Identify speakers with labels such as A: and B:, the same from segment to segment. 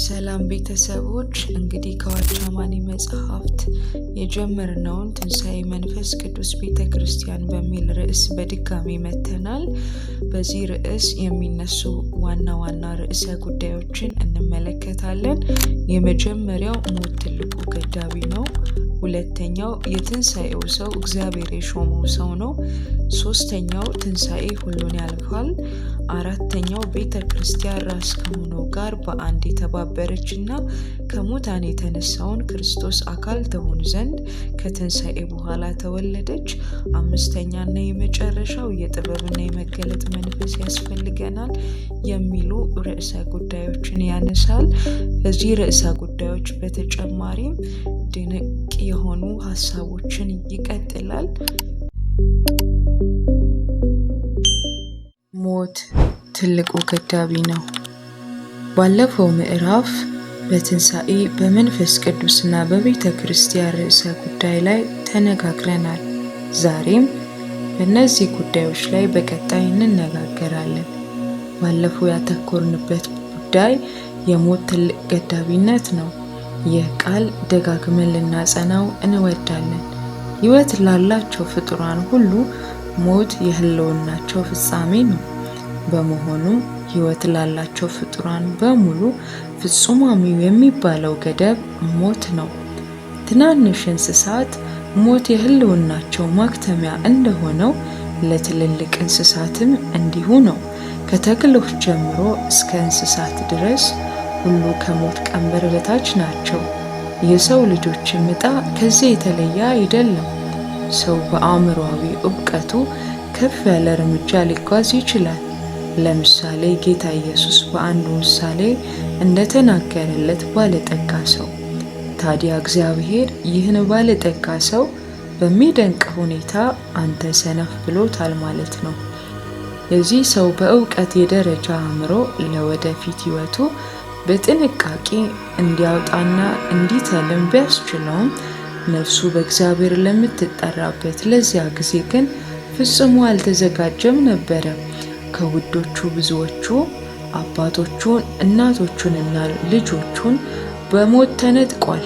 A: ሰላም ቤተሰቦች እንግዲህ ከዋቻማኒ መጽሐፍት የጀመርነውን ትንሣኤ መንፈስ ቅዱስ ቤተ ክርስቲያን በሚል ርዕስ በድጋሚ መተናል። በዚህ ርዕስ የሚነሱ ዋና ዋና ርዕሰ ጉዳዮችን እንመለከታለን። የመጀመሪያው ሞት ትልቁ ገዳቢ ነው። ሁለተኛው የትንሣኤው ሰው እግዚአብሔር የሾመው ሰው ነው። ሶስተኛው ትንሣኤ ሁሉን ያልፋል። አራተኛው ቤተ ክርስቲያን ራስ ከሆነው ጋር በአንድ የተባበረች እና ከሙታን የተነሳውን ክርስቶስ አካል ትሆን ዘንድ ከትንሣኤ በኋላ ተወለደች። አምስተኛና የመጨረሻው የጥበብና የመገለጥ መንፈስ ያስፈልገናል የሚሉ ርዕሰ ጉዳዮችን ያነሳል። ከዚህ ርዕሰ ጉዳዮች በተጨማሪም ድንቅ የሆኑ ሀሳቦችን ይቀጥላል። ሞት ትልቁ ገዳቢ ነው። ባለፈው ምዕራፍ በትንሣኤ በመንፈስ ቅዱስና በቤተ ክርስቲያን ርዕሰ ጉዳይ ላይ ተነጋግረናል። ዛሬም በእነዚህ ጉዳዮች ላይ በቀጣይ እንነጋገራለን። ባለፈው ያተኮርንበት ጉዳይ የሞት ትልቅ ገዳቢነት ነው። ይህ ቃል ደጋግመን ልናጸናው እንወዳለን። ሕይወት ላላቸው ፍጡራን ሁሉ ሞት የህልውናቸው ፍጻሜ ነው። በመሆኑ ሕይወት ላላቸው ፍጡራን በሙሉ ፍጹማሚው የሚባለው ገደብ ሞት ነው። ትናንሽ እንስሳት ሞት የህልውናቸው ማክተሚያ እንደሆነው ለትልልቅ እንስሳትም እንዲሁ ነው። ከተክሎች ጀምሮ እስከ እንስሳት ድረስ ሁሉ ከሞት ቀንበር በታች ናቸው። የሰው ልጆችም ምጣ ከዚህ የተለየ አይደለም። ሰው በአእምሯዊ እውቀቱ ከፍ ያለ እርምጃ ሊጓዝ ይችላል። ለምሳሌ ጌታ ኢየሱስ በአንዱ ምሳሌ እንደተናገረለት ባለጠጋ ሰው። ታዲያ እግዚአብሔር ይህን ባለጠጋ ሰው በሚደንቅ ሁኔታ አንተ ሰነፍ ብሎታል ማለት ነው። የዚህ ሰው በእውቀት የደረጃ አእምሮ ለወደፊት ህይወቱ ። በጥንቃቄ እንዲያወጣና እንዲተልም ቢያስችለውም ነፍሱ በእግዚአብሔር ለምትጠራበት ለዚያ ጊዜ ግን ፍጽሞ አልተዘጋጀም ነበረ። ከውዶቹ ብዙዎቹ አባቶቹን እናቶቹንና ልጆቹን በሞት ተነጥቋል።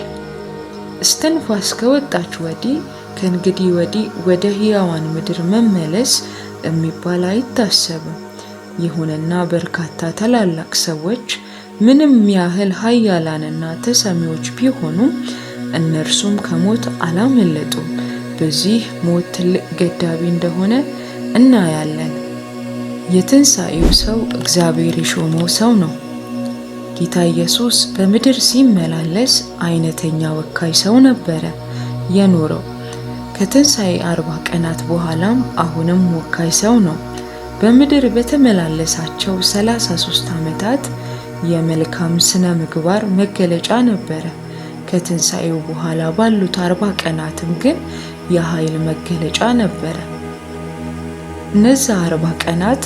A: እስትንፋስ ከወጣች ወዲህ ከእንግዲህ ወዲህ ወደ ሕያዋን ምድር መመለስ የሚባል አይታሰብም። ይሁንና በርካታ ታላላቅ ሰዎች ምንም ያህል ኃያላንና ተሰሚዎች ቢሆኑም እነርሱም ከሞት አላመለጡም። በዚህ ሞት ትልቅ ገዳቢ እንደሆነ እናያለን። የትንሣኤው ሰው እግዚአብሔር የሾመው ሰው ነው። ጌታ ኢየሱስ በምድር ሲመላለስ አይነተኛ ወካይ ሰው ነበረ የኖረው። ከትንሣኤ አርባ ቀናት በኋላም አሁንም ወካይ ሰው ነው። በምድር በተመላለሳቸው 33 ዓመታት የመልካም ስነ ምግባር መገለጫ ነበረ። ከትንሣኤው በኋላ ባሉት አርባ ቀናትም ግን የኃይል መገለጫ ነበረ። እነዚህ አርባ ቀናት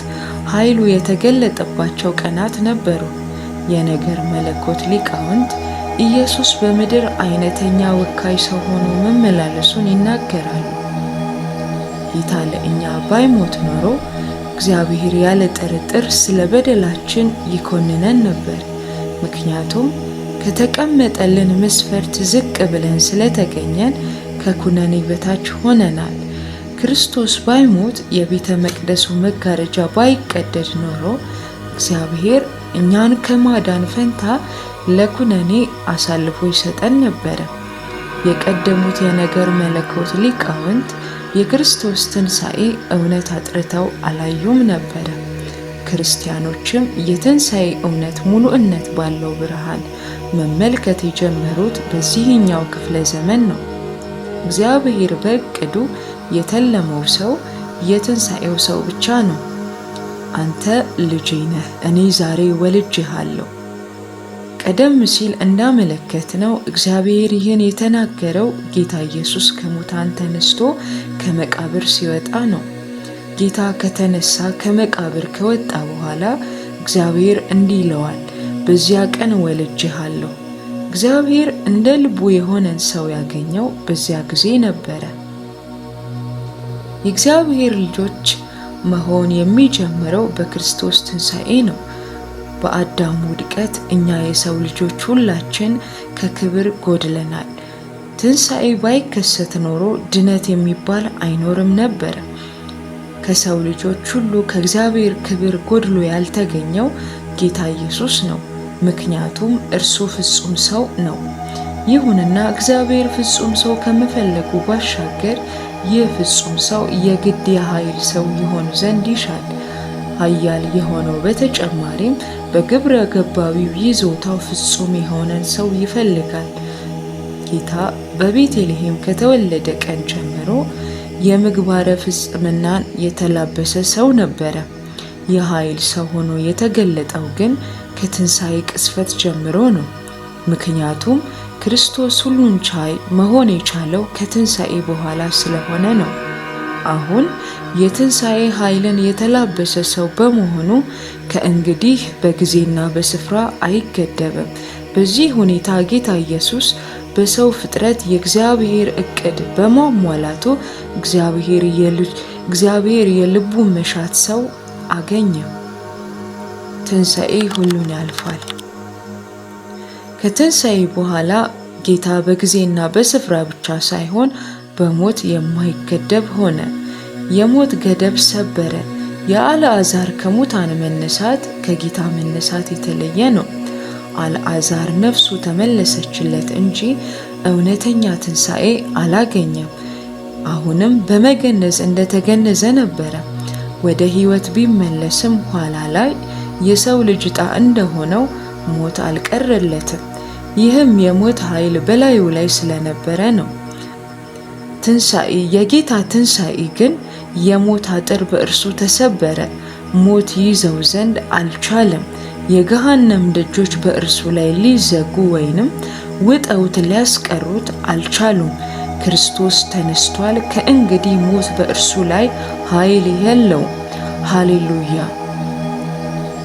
A: ኃይሉ የተገለጠባቸው ቀናት ነበሩ። የነገር መለኮት ሊቃውንት ኢየሱስ በምድር አይነተኛ ወካይ ሰው ሆኖ መመላለሱን ይናገራሉ። ጌታ ለእኛ ባይሞት ኖሮ እግዚአብሔር ያለ ጥርጥር ስለ በደላችን ይኮንነን ነበር። ምክንያቱም ከተቀመጠልን መስፈርት ዝቅ ብለን ስለተገኘን ከኩነኔ በታች ሆነናል። ክርስቶስ ባይሞት፣ የቤተ መቅደሱ መጋረጃ ባይቀደድ ኖሮ እግዚአብሔር እኛን ከማዳን ፈንታ ለኩነኔ አሳልፎ ይሰጠን ነበረ። የቀደሙት የነገር መለኮት ሊቃውንት የክርስቶስ ትንሣኤ እውነት አጥርተው አላዩም ነበረ። ክርስቲያኖችም የትንሣኤ እውነት ሙሉእነት ባለው ብርሃን መመልከት የጀመሩት በዚህኛው ክፍለ ዘመን ነው። እግዚአብሔር በእቅዱ የተለመው ሰው የትንሣኤው ሰው ብቻ ነው። አንተ ልጄ ነህ፣ እኔ ዛሬ ወልጄሃለሁ ቀደም ሲል እንዳመለከት ነው እግዚአብሔር ይህን የተናገረው ጌታ ኢየሱስ ከሙታን ተነስቶ ከመቃብር ሲወጣ ነው። ጌታ ከተነሳ ከመቃብር ከወጣ በኋላ እግዚአብሔር እንዲህ ይለዋል፣ በዚያ ቀን ወልጄሃለሁ። እግዚአብሔር እንደ ልቡ የሆነን ሰው ያገኘው በዚያ ጊዜ ነበረ። የእግዚአብሔር ልጆች መሆን የሚጀምረው በክርስቶስ ትንሣኤ ነው። በአዳም ውድቀት እኛ የሰው ልጆች ሁላችን ከክብር ጎድለናል። ትንሣኤ ባይከሰት ኖሮ ድነት የሚባል አይኖርም ነበር። ከሰው ልጆች ሁሉ ከእግዚአብሔር ክብር ጎድሎ ያልተገኘው ጌታ ኢየሱስ ነው። ምክንያቱም እርሱ ፍጹም ሰው ነው። ይሁንና እግዚአብሔር ፍጹም ሰው ከመፈለጉ ባሻገር ይህ ፍጹም ሰው የግድ የኃይል ሰው ይሆን ዘንድ ይሻል። ኃያል የሆነው በተጨማሪም በግብረ ገባዊው ይዞታው ፍጹም የሆነን ሰው ይፈልጋል። ጌታ በቤተልሔም ከተወለደ ቀን ጀምሮ የምግባረ ፍጽምናን የተላበሰ ሰው ነበረ። የኃይል ሰው ሆኖ የተገለጠው ግን ከትንሣኤ ቅስፈት ጀምሮ ነው። ምክንያቱም ክርስቶስ ሁሉን ቻይ መሆን የቻለው ከትንሣኤ በኋላ ስለሆነ ነው። አሁን የትንሣኤ ኃይልን የተላበሰ ሰው በመሆኑ ከእንግዲህ በጊዜና በስፍራ አይገደብም። በዚህ ሁኔታ ጌታ ኢየሱስ በሰው ፍጥረት የእግዚአብሔር እቅድ በማሟላቱ እግዚአብሔር የልቡ መሻት ሰው አገኘ። ትንሣኤ ሁሉን ያልፋል። ከትንሣኤ በኋላ ጌታ በጊዜና በስፍራ ብቻ ሳይሆን በሞት የማይገደብ ሆነ። የሞት ገደብ ሰበረ። የአልዓዛር ከሙታን መነሳት ከጌታ መነሳት የተለየ ነው። አልዓዛር ነፍሱ ተመለሰችለት እንጂ እውነተኛ ትንሣኤ አላገኘም። አሁንም በመገነዝ እንደተገነዘ ነበረ። ወደ ሕይወት ቢመለስም ኋላ ላይ የሰው ልጅ ዕጣ እንደሆነው ሞት አልቀረለትም። ይህም የሞት ኃይል በላዩ ላይ ስለነበረ ነው። ትንሣኤ የጌታ ትንሣኤ ግን የሞት አጥር በእርሱ ተሰበረ፣ ሞት ይዘው ዘንድ አልቻለም። የገሃነም ደጆች በእርሱ ላይ ሊዘጉ ወይንም ውጠውት ሊያስቀሩት አልቻሉም። ክርስቶስ ተነስቷል። ከእንግዲህ ሞት በእርሱ ላይ ኃይል የለውም። ሃሌሉያ!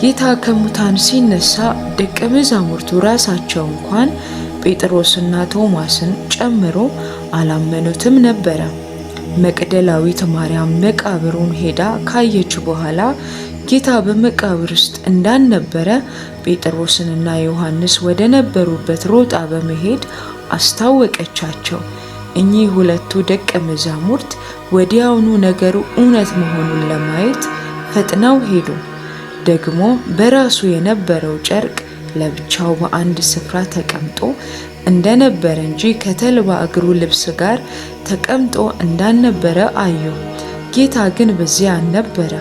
A: ጌታ ከሙታን ሲነሳ ደቀ መዛሙርቱ ራሳቸው እንኳን ጴጥሮስና ቶማስን ጨምሮ አላመኑትም ነበረ። መቅደላዊት ማርያም መቃብሩን ሄዳ ካየች በኋላ ጌታ በመቃብር ውስጥ እንዳልነበረ ጴጥሮስንና ዮሐንስ ወደ ነበሩበት ሮጣ በመሄድ አስታወቀቻቸው። እኚህ ሁለቱ ደቀ መዛሙርት ወዲያውኑ ነገሩ እውነት መሆኑን ለማየት ፈጥነው ሄዱ። ደግሞ በራሱ የነበረው ጨርቅ ለብቻው በአንድ ስፍራ ተቀምጦ እንደነበረ እንጂ ከተልባ እግሩ ልብስ ጋር ተቀምጦ እንዳልነበረ አዩ። ጌታ ግን በዚያ ነበረ።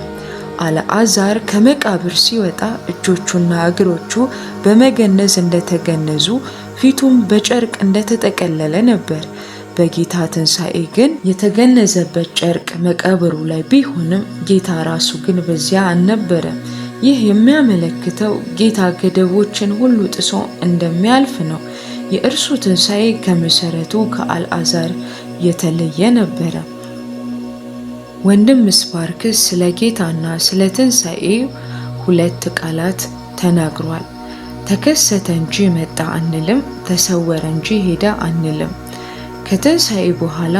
A: አልዓዛር ከመቃብር ሲወጣ እጆቹና እግሮቹ በመገነዝ እንደተገነዙ ፊቱም በጨርቅ እንደተጠቀለለ ነበር። በጌታ ትንሣኤ ግን የተገነዘበት ጨርቅ መቃብሩ ላይ ቢሆንም ጌታ ራሱ ግን በዚያ አልነበረ። ይህ የሚያመለክተው ጌታ ገደቦችን ሁሉ ጥሶ እንደሚያልፍ ነው። የእርሱ ትንሣኤ ከመሠረቱ ከአልዓዛር የተለየ ነበረ። ወንድም ስፓርክ ስለ ጌታና ስለ ትንሣኤ ሁለት ቃላት ተናግሯል። ተከሰተ እንጂ መጣ አንልም፣ ተሰወረ እንጂ ሄደ አንልም። ከትንሣኤ በኋላ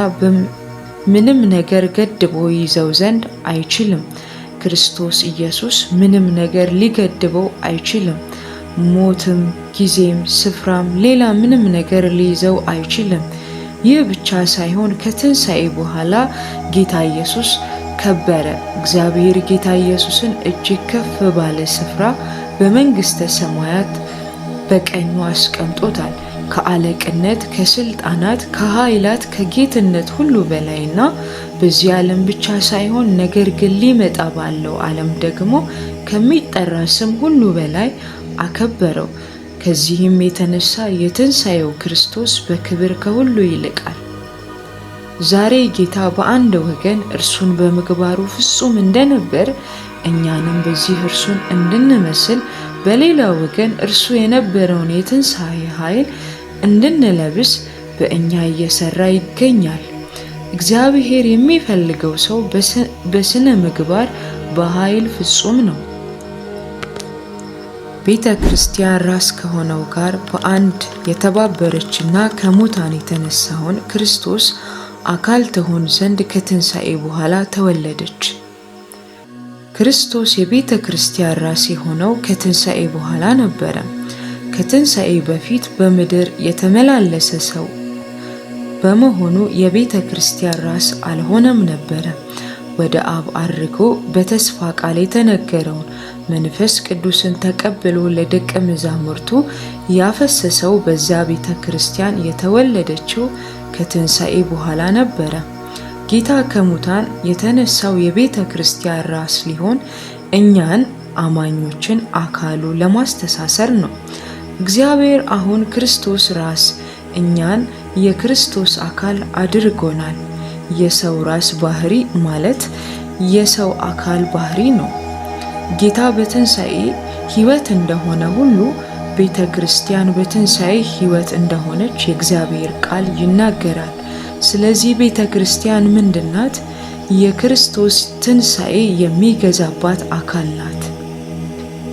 A: ምንም ነገር ገድቦ ይዘው ዘንድ አይችልም። ክርስቶስ ኢየሱስ ምንም ነገር ሊገድበው አይችልም። ሞትም፣ ጊዜም፣ ስፍራም ሌላ ምንም ነገር ሊይዘው አይችልም። ይህ ብቻ ሳይሆን ከትንሣኤ በኋላ ጌታ ኢየሱስ ከበረ። እግዚአብሔር ጌታ ኢየሱስን እጅግ ከፍ ባለ ስፍራ በመንግሥተ ሰማያት በቀኙ አስቀምጦታል። ከአለቅነት፣ ከስልጣናት፣ ከኃይላት፣ ከጌትነት ሁሉ በላይና በዚህ ዓለም ብቻ ሳይሆን ነገር ግን ሊመጣ ባለው ዓለም ደግሞ ከሚጠራ ስም ሁሉ በላይ አከበረው። ከዚህም የተነሳ የትንሣኤው ክርስቶስ በክብር ከሁሉ ይልቃል። ዛሬ ጌታ በአንድ ወገን እርሱን በምግባሩ ፍጹም እንደነበር እኛንም በዚህ እርሱን እንድንመስል በሌላ ወገን እርሱ የነበረውን የትንሣኤ ኃይል እንድንለብስ በእኛ እየሰራ ይገኛል። እግዚአብሔር የሚፈልገው ሰው በስነ ምግባር በኃይል ፍጹም ነው። ቤተ ክርስቲያን ራስ ከሆነው ጋር በአንድ የተባበረችና ከሙታን የተነሳውን ክርስቶስ አካል ትሆን ዘንድ ከትንሣኤ በኋላ ተወለደች። ክርስቶስ የቤተ ክርስቲያን ራስ የሆነው ከትንሣኤ በኋላ ነበረ። ከትንሣኤ በፊት በምድር የተመላለሰ ሰው በመሆኑ የቤተ ክርስቲያን ራስ አልሆነም ነበረ። ወደ አብ አድርጎ በተስፋ ቃል የተነገረውን መንፈስ ቅዱስን ተቀብሎ ለደቀ መዛሙርቱ ያፈሰሰው በዛ ቤተ ክርስቲያን የተወለደችው ከትንሣኤ በኋላ ነበረ። ጌታ ከሙታን የተነሳው የቤተ ክርስቲያን ራስ ሊሆን እኛን አማኞችን አካሉ ለማስተሳሰር ነው። እግዚአብሔር አሁን ክርስቶስ ራስ እኛን የክርስቶስ አካል አድርጎናል። የሰው ራስ ባህሪ ማለት የሰው አካል ባህሪ ነው። ጌታ በትንሣኤ ሕይወት እንደሆነ ሁሉ ቤተ ክርስቲያን በትንሣኤ ሕይወት እንደሆነች የእግዚአብሔር ቃል ይናገራል። ስለዚህ ቤተ ክርስቲያን ምንድን ናት? የክርስቶስ ትንሣኤ የሚገዛባት አካል ናት።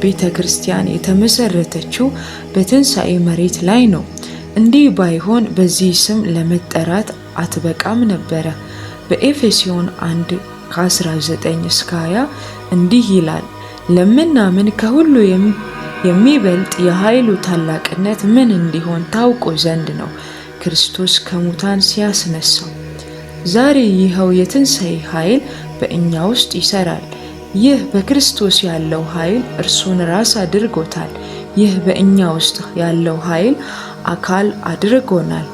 A: ቤተ ክርስቲያን የተመሰረተችው በትንሣኤ መሬት ላይ ነው። እንዲህ ባይሆን በዚህ ስም ለመጠራት አትበቃም ነበረ። በኤፌሲዮን 1 ከ19 እስከ 20 እንዲህ ይላል ለምናምን ከሁሉ የሚበልጥ የኃይሉ ታላቅነት ምን እንዲሆን ታውቆ ዘንድ ነው ክርስቶስ ከሙታን ሲያስነሳው። ዛሬ ይኸው የትንሣኤ ኃይል በእኛ ውስጥ ይሰራል! ይህ በክርስቶስ ያለው ኃይል እርሱን ራስ አድርጎታል። ይህ በእኛ ውስጥ ያለው ኃይል አካል አድርጎናል።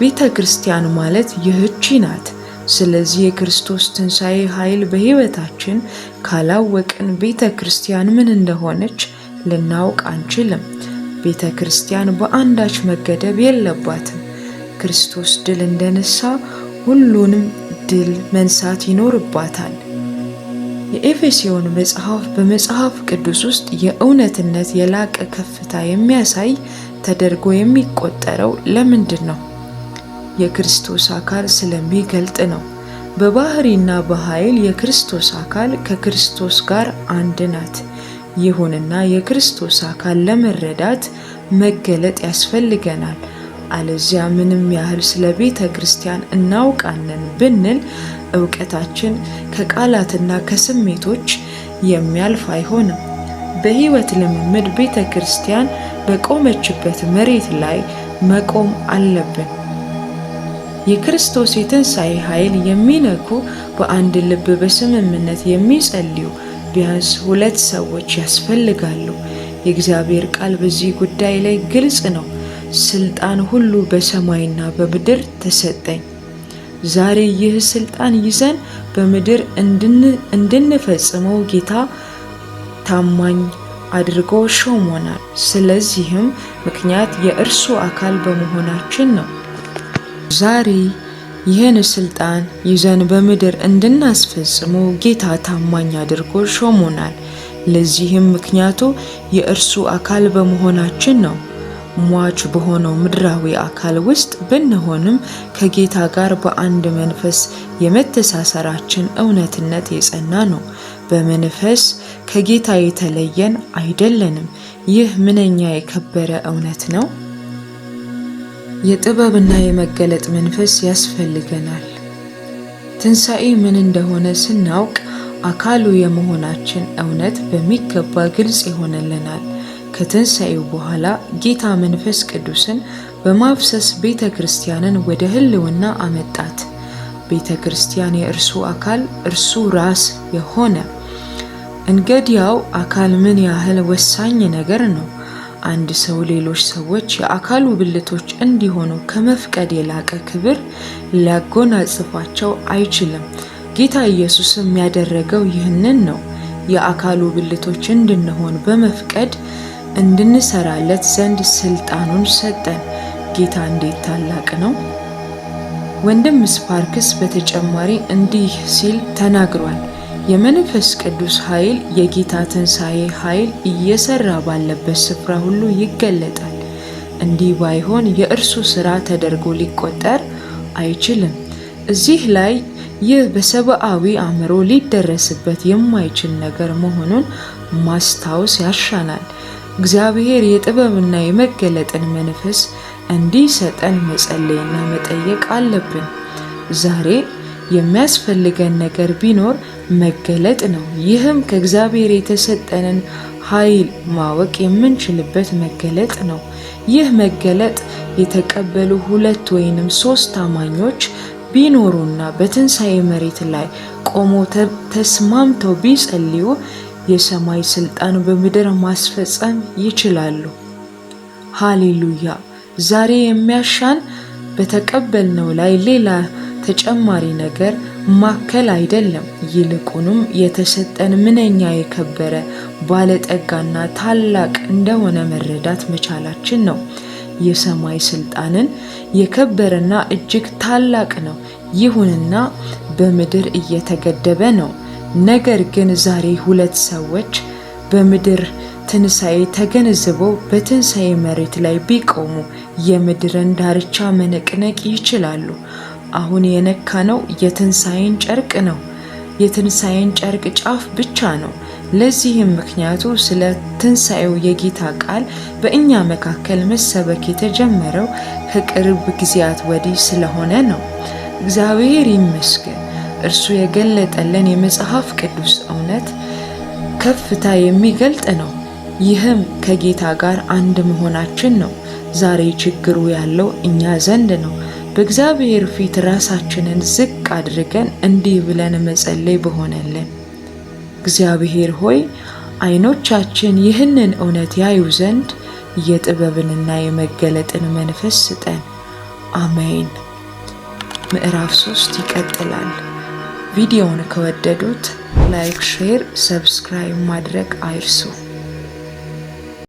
A: ቤተ ክርስቲያን ማለት ይህቺ ናት። ስለዚህ የክርስቶስ ትንሣኤ ኃይል በሕይወታችን ካላወቅን ቤተ ክርስቲያን ምን እንደሆነች ልናውቅ አንችልም። ቤተ ክርስቲያን በአንዳች መገደብ የለባትም። ክርስቶስ ድል እንደነሳ ሁሉንም ድል መንሳት ይኖርባታል። የኤፌሲዮን መጽሐፍ በመጽሐፍ ቅዱስ ውስጥ የእውነትነት የላቀ ከፍታ የሚያሳይ ተደርጎ የሚቆጠረው ለምንድን ነው? የክርስቶስ አካል ስለሚገልጥ ነው። በባህሪና በኃይል የክርስቶስ አካል ከክርስቶስ ጋር አንድ ናት። ይሁንና የክርስቶስ አካል ለመረዳት መገለጥ ያስፈልገናል። አለዚያ ምንም ያህል ስለ ቤተ ክርስቲያን እናውቃለን ብንል እውቀታችን ከቃላትና ከስሜቶች የሚያልፍ አይሆንም። በሕይወት ልምምድ ቤተ ክርስቲያን በቆመችበት መሬት ላይ መቆም አለብን። የክርስቶስ የትንሣኤ ኃይል የሚነኩ በአንድ ልብ በስምምነት የሚጸልዩ ቢያንስ ሁለት ሰዎች ያስፈልጋሉ። የእግዚአብሔር ቃል በዚህ ጉዳይ ላይ ግልጽ ነው። ስልጣን ሁሉ በሰማይና በምድር ተሰጠኝ። ዛሬ ይህ ስልጣን ይዘን በምድር እንድንፈጽመው ጌታ ታማኝ አድርጎ ሾሞናል። ስለዚህም ምክንያት የእርሱ አካል በመሆናችን ነው። ዛሬ ይህን ስልጣን ይዘን በምድር እንድናስፈጽሞ ጌታ ታማኝ አድርጎ ሾሞናል። ለዚህም ምክንያቱ የእርሱ አካል በመሆናችን ነው። ሟች በሆነው ምድራዊ አካል ውስጥ ብንሆንም ከጌታ ጋር በአንድ መንፈስ የመተሳሰራችን እውነትነት የጸና ነው። በመንፈስ ከጌታ የተለየን አይደለንም። ይህ ምንኛ የከበረ እውነት ነው! የጥበብና የመገለጥ መንፈስ ያስፈልገናል። ትንሣኤ ምን እንደሆነ ስናውቅ አካሉ የመሆናችን እውነት በሚገባ ግልጽ ይሆንልናል። ከትንሣኤው በኋላ ጌታ መንፈስ ቅዱስን በማፍሰስ ቤተ ክርስቲያንን ወደ ሕልውና አመጣት። ቤተ ክርስቲያን የእርሱ አካል እርሱ ራስ የሆነ እንግዲያው አካል ምን ያህል ወሳኝ ነገር ነው! አንድ ሰው ሌሎች ሰዎች የአካሉ ብልቶች እንዲሆኑ ከመፍቀድ የላቀ ክብር ሊያጎናጽፏቸው አይችልም። ጌታ ኢየሱስም ያደረገው ይህንን ነው። የአካሉ ብልቶች እንድንሆን በመፍቀድ እንድንሰራለት ዘንድ ስልጣኑን ሰጠን። ጌታ እንዴት ታላቅ ነው! ወንድም ስፓርክስ በተጨማሪ እንዲህ ሲል ተናግሯል። የመንፈስ ቅዱስ ኃይል የጌታ ትንሣኤ ኃይል እየሠራ ባለበት ስፍራ ሁሉ ይገለጣል። እንዲህ ባይሆን የእርሱ ሥራ ተደርጎ ሊቆጠር አይችልም። እዚህ ላይ ይህ በሰብአዊ አእምሮ ሊደረስበት የማይችል ነገር መሆኑን ማስታወስ ያሻናል። እግዚአብሔር የጥበብና የመገለጥን መንፈስ እንዲሰጠን መጸለይና መጠየቅ አለብን። ዛሬ የሚያስፈልገን ነገር ቢኖር መገለጥ ነው። ይህም ከእግዚአብሔር የተሰጠንን ኃይል ማወቅ የምንችልበት መገለጥ ነው። ይህ መገለጥ የተቀበሉ ሁለት ወይንም ሶስት አማኞች ቢኖሩና በትንሣኤ መሬት ላይ ቆሞ ተስማምተው ቢጸልዩ የሰማይ ስልጣን በምድር ማስፈጸም ይችላሉ። ሃሌሉያ! ዛሬ የሚያሻን በተቀበልነው ላይ ሌላ ተጨማሪ ነገር ማከል አይደለም። ይልቁንም የተሰጠን ምንኛ የከበረ ባለጠጋና ታላቅ እንደሆነ መረዳት መቻላችን ነው። የሰማይ ስልጣንን የከበረና እጅግ ታላቅ ነው። ይሁንና በምድር እየተገደበ ነው። ነገር ግን ዛሬ ሁለት ሰዎች በምድር ትንሣኤ ተገንዝበው በትንሣኤ መሬት ላይ ቢቆሙ የምድርን ዳርቻ መነቅነቅ ይችላሉ። አሁን የነካነው የትንሣኤን ጨርቅ ነው። የትንሣኤን ጨርቅ ጫፍ ብቻ ነው። ለዚህም ምክንያቱ ስለ ትንሣኤው የጌታ ቃል በእኛ መካከል መሰበክ የተጀመረው ከቅርብ ጊዜያት ወዲህ ስለሆነ ነው። እግዚአብሔር ይመስገን። እርሱ የገለጠልን የመጽሐፍ ቅዱስ እውነት ከፍታ የሚገልጥ ነው። ይህም ከጌታ ጋር አንድ መሆናችን ነው። ዛሬ ችግሩ ያለው እኛ ዘንድ ነው። በእግዚአብሔር ፊት ራሳችንን ዝቅ አድርገን እንዲህ ብለን መጸለይ በሆነልን። እግዚአብሔር ሆይ ዓይኖቻችን ይህንን እውነት ያዩ ዘንድ የጥበብንና የመገለጥን መንፈስ ስጠን። አሜን። ምዕራፍ 3 ይቀጥላል። ቪዲዮውን ከወደዱት ላይክ፣ ሼር፣ ሰብስክራይብ ማድረግ አይርሱ።